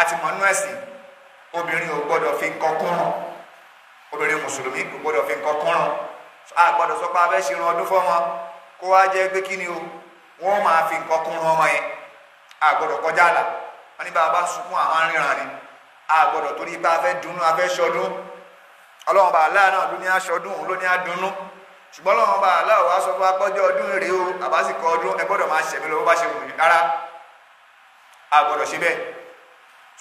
àti mọ̀nú ẹ̀sìn obìnrin ò gbọ́dọ̀ fi nǹkan kúrùn obìnrin mùsùlùmí kò gbọ́dọ̀ fi nǹkan kúrùn a gbọ́dọ̀ sọ pé abẹ́ ṣe ran ọdún fọ́mọ kó wá jẹ́ pé kí ni o wọ́n máa fi nǹkan kúrùn ọmọ yẹn a gbọ́dọ̀ kọjá àlà wọn ní bàbá sunkún àwọn arìnrìn ni a gbọ́dọ̀ torí pé afẹ́ dunnú afẹ́ ṣọdún ọlọ́run bá a náà ló ní aṣọdún òun ló ní adunnú ṣùgbọ́n ọlọ́run bá a wá sọ fún apọ́jọ́ ọdún rèé o àbásìkọ ọdún ẹ gbọ́dọ̀ máa ṣẹ̀mí lọ́wọ́ bá ṣe wù mí rárá a gbọ́dọ̀ ṣe bẹ́ẹ̀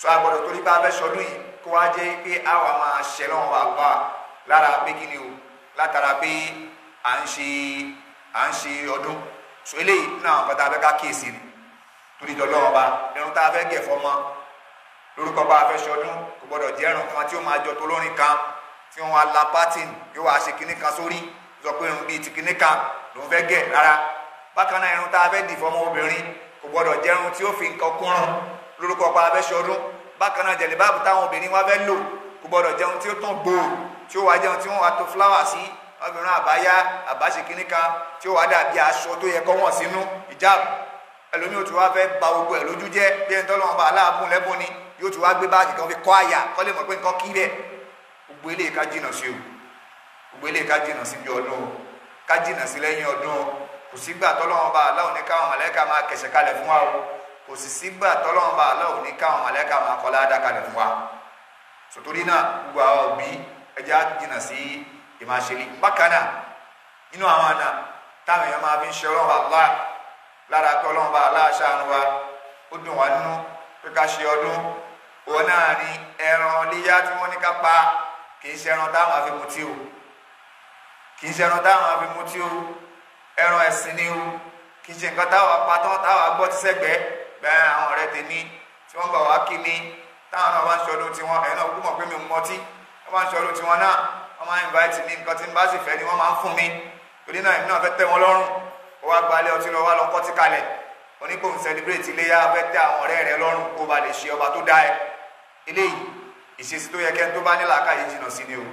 sọ àgbọ̀dọ̀ torí bá abẹ́ sọdún yìí kó wá jẹ́ pé àwa máa ṣẹ lọ́wọ́ àgbà lára pé kí ni o látara pé à ń ṣe à ń ṣe ọdún sọ eléyìí náà àwọn bàtà abẹ́ká kíyèsí ni torí dọ́lọ́ ọba ẹnu tá a fẹ́ gẹ̀ fọmọ lórúkọ bá a fẹ́ sọdún kò gbọ́dọ̀ jẹ́ ẹ̀rùn kan tí ó máa jọ tó lórin kan tí wọn la pati yóò wá ṣe kinní kan sórí sọ pé irun bíi ti kinní kan ló ń fẹ́ gẹ̀ rárá bákan náà irun tá a fẹ́ dì fọmọ obìnrin kò gbọdọ̀ jẹun tí ó fi nǹkan kúnrún lórúkọ pa abẹ́ṣọdún bákan náà jẹ̀lẹ̀ báàbù táwọn obìnrin wá fẹ́ lò kò gbọ́dọ̀ jẹun tí ó tàn gbòò tí ó wá jẹun tí wọ́n wá to fúláwà sí obìnrin àbáyá àbáṣekínní kan tí ó wá dàbí aṣọ tó yẹ kọ́ wọ̀n sínú ìjáàbù ẹlòmí ò tún wá fẹ́ ba gbogbo ẹ̀ lójú jẹ́ bí ẹni tọ́lọ́wọ́n bá aláàbùn lẹ́bùn ni yóò tún wá gbé báàgì kan fi kọ́ àyà kọ́ lè mọ̀ pé nǹkan kí bẹ́ẹ̀ gbogbo eléyìí ká jìnnà sí o gbogbo eléyìí ká jìnnà sí bí ọdún o ká jìnnà sí lẹ́yìn ọdún o kò sígbà tọ́lọ́wọ́n bá aláwọ̀ ní káwọn mọ̀lẹ́ka máa kẹsẹ̀ kalẹ̀ fún wa o kò sì sígbà tọ́lọ́run bá aláwọ̀ ní káwọn mọ̀lẹ́kà máa kọ́ ládàkalẹ̀ fún wa sòtórí náà gbogbo àwọn òbí ẹja jìnnà sí ìmáṣẹ́lẹ̀ bákan náà nínú àwọn àna táwọn èèyàn máa fi ń ṣe ọlọ́run àlá lára tọ́lọ́run bá aláṣáánu wa ó dùn wá nínú pé ká ṣe ọdún òun náà ni ẹran léyà tí wọ́n ní ká pa kì í ṣe ẹran táwọn àfi mutí o kì í ṣe ẹran táwọn àfi mutí o ẹran ẹ̀sìn ni o kì í ṣe nǹkan táwọn apá tán táwọn agbọ́ ti sẹ́gbẹ̀ẹ́ bẹ́ẹ̀ àwọn ọ̀rẹ́ tèmi tí wọ́n gbà wá kí mi táwọn náà bá ń ṣọdún tiwọn ẹ̀yìn náà kúkú pé mi ò mọtí wọ́n bá ń ṣọdún tiwọn náà wọ́n máa ń invite mi nǹkan tí n bá sì fẹ́ ni wọ́n máa ń fún mi torí náà èmi náà fẹ́ tẹ́ wọn lọ́rùn ó wá gbalẹ̀ ọtí lọ wá lọ kọ́tí kalẹ̀ oníkóhùn celebrate iléyà fẹ́ tẹ́ àwọn ọ̀rẹ́ rẹ lọ́rùn kó ba lè ṣe ọba tó dá ẹ eléyìí ìṣesí tó yẹ kẹ́ tó bá nílà káyé jìnnà sí ni o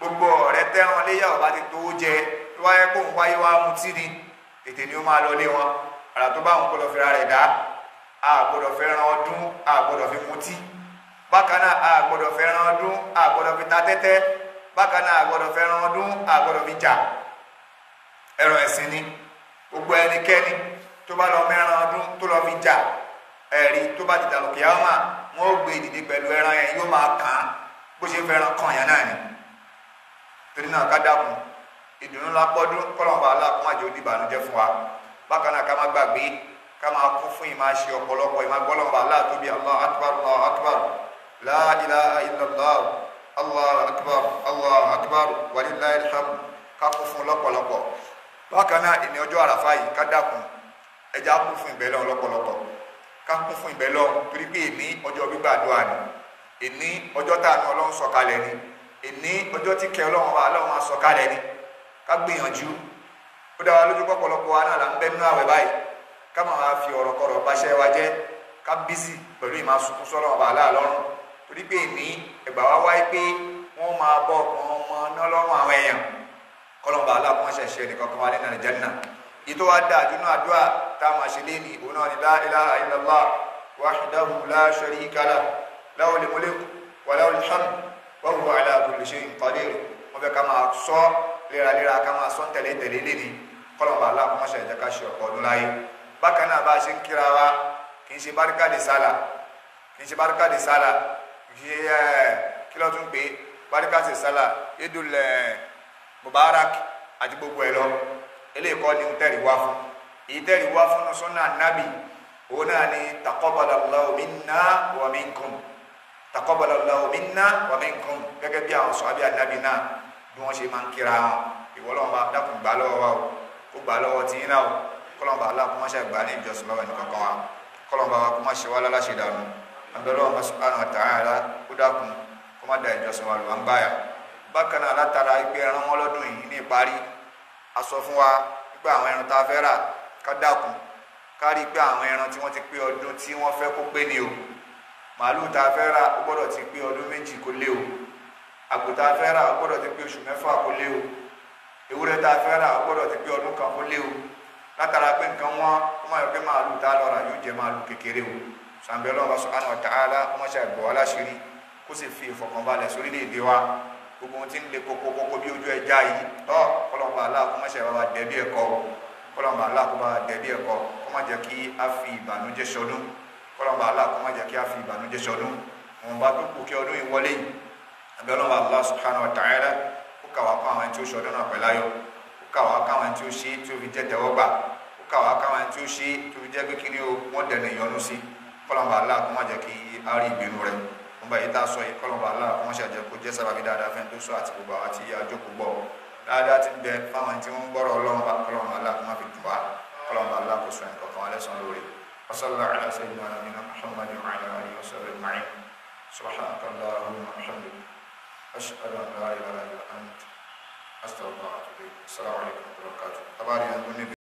gbogbo ọ̀rẹ́ tẹ́ran léyà ọba ti tó jẹ tó wáyé kóhùn wáyé wá mutí ni tètè ni ó máa lọ lé wọn àrà tó bá òun kó lọ fira rẹ̀ dá a gbọ́dọ̀ fẹ́ràn ọdún a gbọ́dọ̀ fi mutí bákan náà a fẹ́ràn ọdún a gbọ́dọ̀ fi ta tẹ́tẹ́ bákan náà a gbọ́dọ̀ fẹ́ràn ọdún a gbọ́dọ̀ fi jà ẹ̀rọ ẹ̀sìn ni gbogbo ẹnikẹ́ni tó bá lọ mẹ́ràn ọdún tó lọ fi jà ẹ̀rí tó bá ti dànù kíyámà wọn ó gbé ìdìde e pẹ̀lú ẹran yẹn yóò máa kàn án bó ṣe fẹ́ràn kàn yẹn náà ni torí náà ká dàkún ìdùnnú lápọ́dún kọ́lọ́mọba aláàkúnmájò dìbànújẹ́ fún ká máa kún fún ìmá ṣe ọ̀pọ̀lọpọ̀ ìmá gbọ́lọ́mọba aláàtóbi Allahu akbar Allahu akbar la ilaha illallah Allahu akbar Allahu akbar walillahil hamd ká kún fún lọ́pọ̀lọpọ̀ bákan náà ìní ọjọ́ àràfà yìí ká dàkún ẹja kún fún ìbẹ́lẹ̀ lọ́pọ̀lọpọ̀ ká kún fún ìbẹ́lẹ̀ torí pé èmi ọjọ́ gbígbàdúrà ni èmi ọjọ́ tààmì ọlọ́run sọ̀kalẹ̀ ni èmi ọjọ́ tí kẹ ọlọ́run wa ọlọ́run asọ̀kalẹ̀ ni ká ó dára lójú pọ̀pọ̀lọpọ̀ wa náà là ń bẹ́ nínú àwẹ̀ báyìí ká máa fi ọ̀rọ̀ kọ̀rọ̀ báṣẹ́ wa jẹ́ ká bísí pẹ̀lú ìmọ̀ sunkún sọ́lọ́ ọba aláàlọ́run torí pé èmi ẹ̀gbà wá wáyé pé wọ́n máa bọ́ ọkàn ọmọ náà lọ́rùn àwọn èèyàn kọ́lọ́mbà aláàkúnṣe ṣe nìkan kan wà lẹ́nu àlùjánnà ìtọ́ wa dáa dúnú àdúrà tá a máa ṣe léèní òun náà ni la ilaha illallah wahdahu la sharika lah lahul mulku wa lahul hamd wa huwa ala kulli shay'in qadir wọ́n fẹ́ ká máa sọ léraléra ká máa sọ ń tẹ̀lé tẹ̀lé léèní kọ́lọ́mbà aláàkúnṣe ẹ̀jẹ̀ ká ṣe ọ̀pọ̀ ọdún láyé bákan náà bá a ṣe ń kíra wa kì í ṣe báríkà de sálà kì í ṣe báríkà de sálà kì í ṣe kí ló tún pé báríkà de sálà idulẹ mubarak àti gbogbo ẹ lọ eléyìí kọ́ ni ń tẹ̀rí wá fún èyí tẹ̀rí wá fún sunna nabi òun náà ni taqabbalallahu minna wa minkum taqabbalallahu minna wa minkum gẹ́gẹ́ bí àwọn sọ̀hábí ànábì náà bí wọ́n ṣe máa ń kíra wọn ìwọ́lọ́wọ́ bá dákun gbà lọ́wọ́ wa o kó gbà lọ́wọ́ tí náà o kọlọmba aláàkúmọṣẹ àgbáni ìjọsìn lọ́wọ́ ẹni kankan wa kọlọmba wa kó má wala wá láláṣẹ dànù abẹlẹ wọn masu àrùn àtàrà kó dákun kó má da ìjọsìn wa lù wá ń báyà bákan náà látara ìgbé ẹran wọn lọ́dún yìí ní ìparí a sọ fún wa nípa àwọn ẹran tá a fẹ́ rà ká dákun ká rí i àwọn ẹran tí wọ́n ti pé ọdún tí wọ́n fẹ́ kó pé ni o màálù tá a fẹ́ rà ó gbọ́dọ̀ ti pé ọdún méjì kó lé o àgbò tá rà ó gbọ́dọ̀ ti pé oṣù mẹ́fà kó lé o ewúrẹ́ tá a fẹ́ rà ó gbọ́dọ̀ ti pé ọdún kan kó lé o látara pé nǹkan wọn ó máa yọ pé màálù tá a lọ rà yóò jẹ màálù kékeré o sàǹbẹ̀ ọlọ́run subhanahu wa ta'ala wọ́n ṣe àgbọ̀ wá láṣìírí kó sì fi ìfọ̀kànbalẹ̀ sórílẹ̀-èdè wa gbogbo ohun tí ń le koko koko bí ojú ẹja yìí tọ́ kọlọ́mọba aláàkó má ṣe bàbá dẹ̀bí ẹ̀kọ́ kọlọ́mọba aláàkó bá dẹ̀bí ẹ̀kọ́ kó má jẹ́ kí a fi ìbànújẹ́ sọdún kọlọ́mọba aláàkó má jẹ́ kí a fi ìbànújẹ́ sọdún wọn bá tó kù kí ọdún yìí wọlé yìí àbí ọlọ́mọba aláà subhanahu wa ta'ala kó kàwá kó àwọn ẹni tí ó káwa káwọn tí ó ṣe tí ó fi jẹ́ tẹ́wọ́gbà ó káwa káwọn tí ó ṣe tí ó fi jẹ́ pé kí ni ó wọ́n dẹ̀nà ìyọnu sí kọ́lọ́mbà aláà kó má jẹ́ kí á rí ìbínú rẹ̀ wọ́n bá yìí tá a sọ yìí kọ́lọ́mbà aláà kó má ṣe àjẹkó jẹ́ sábàbí dáadáa fẹ́ni tó sọ àti gbogbo àwọn àti àjókòó gbọ́ dáadáa ti bẹ fáwọn tí wọ́n gbọ́rọ̀ ọlọ́run bá kọ́lọ́mbà aláà kó má fi dùn wá kọ́lọ́mbà aláà kó sọ ẹ̀kọ́ kan astagfirullah wa atubu ilayk assalamu alaykum wa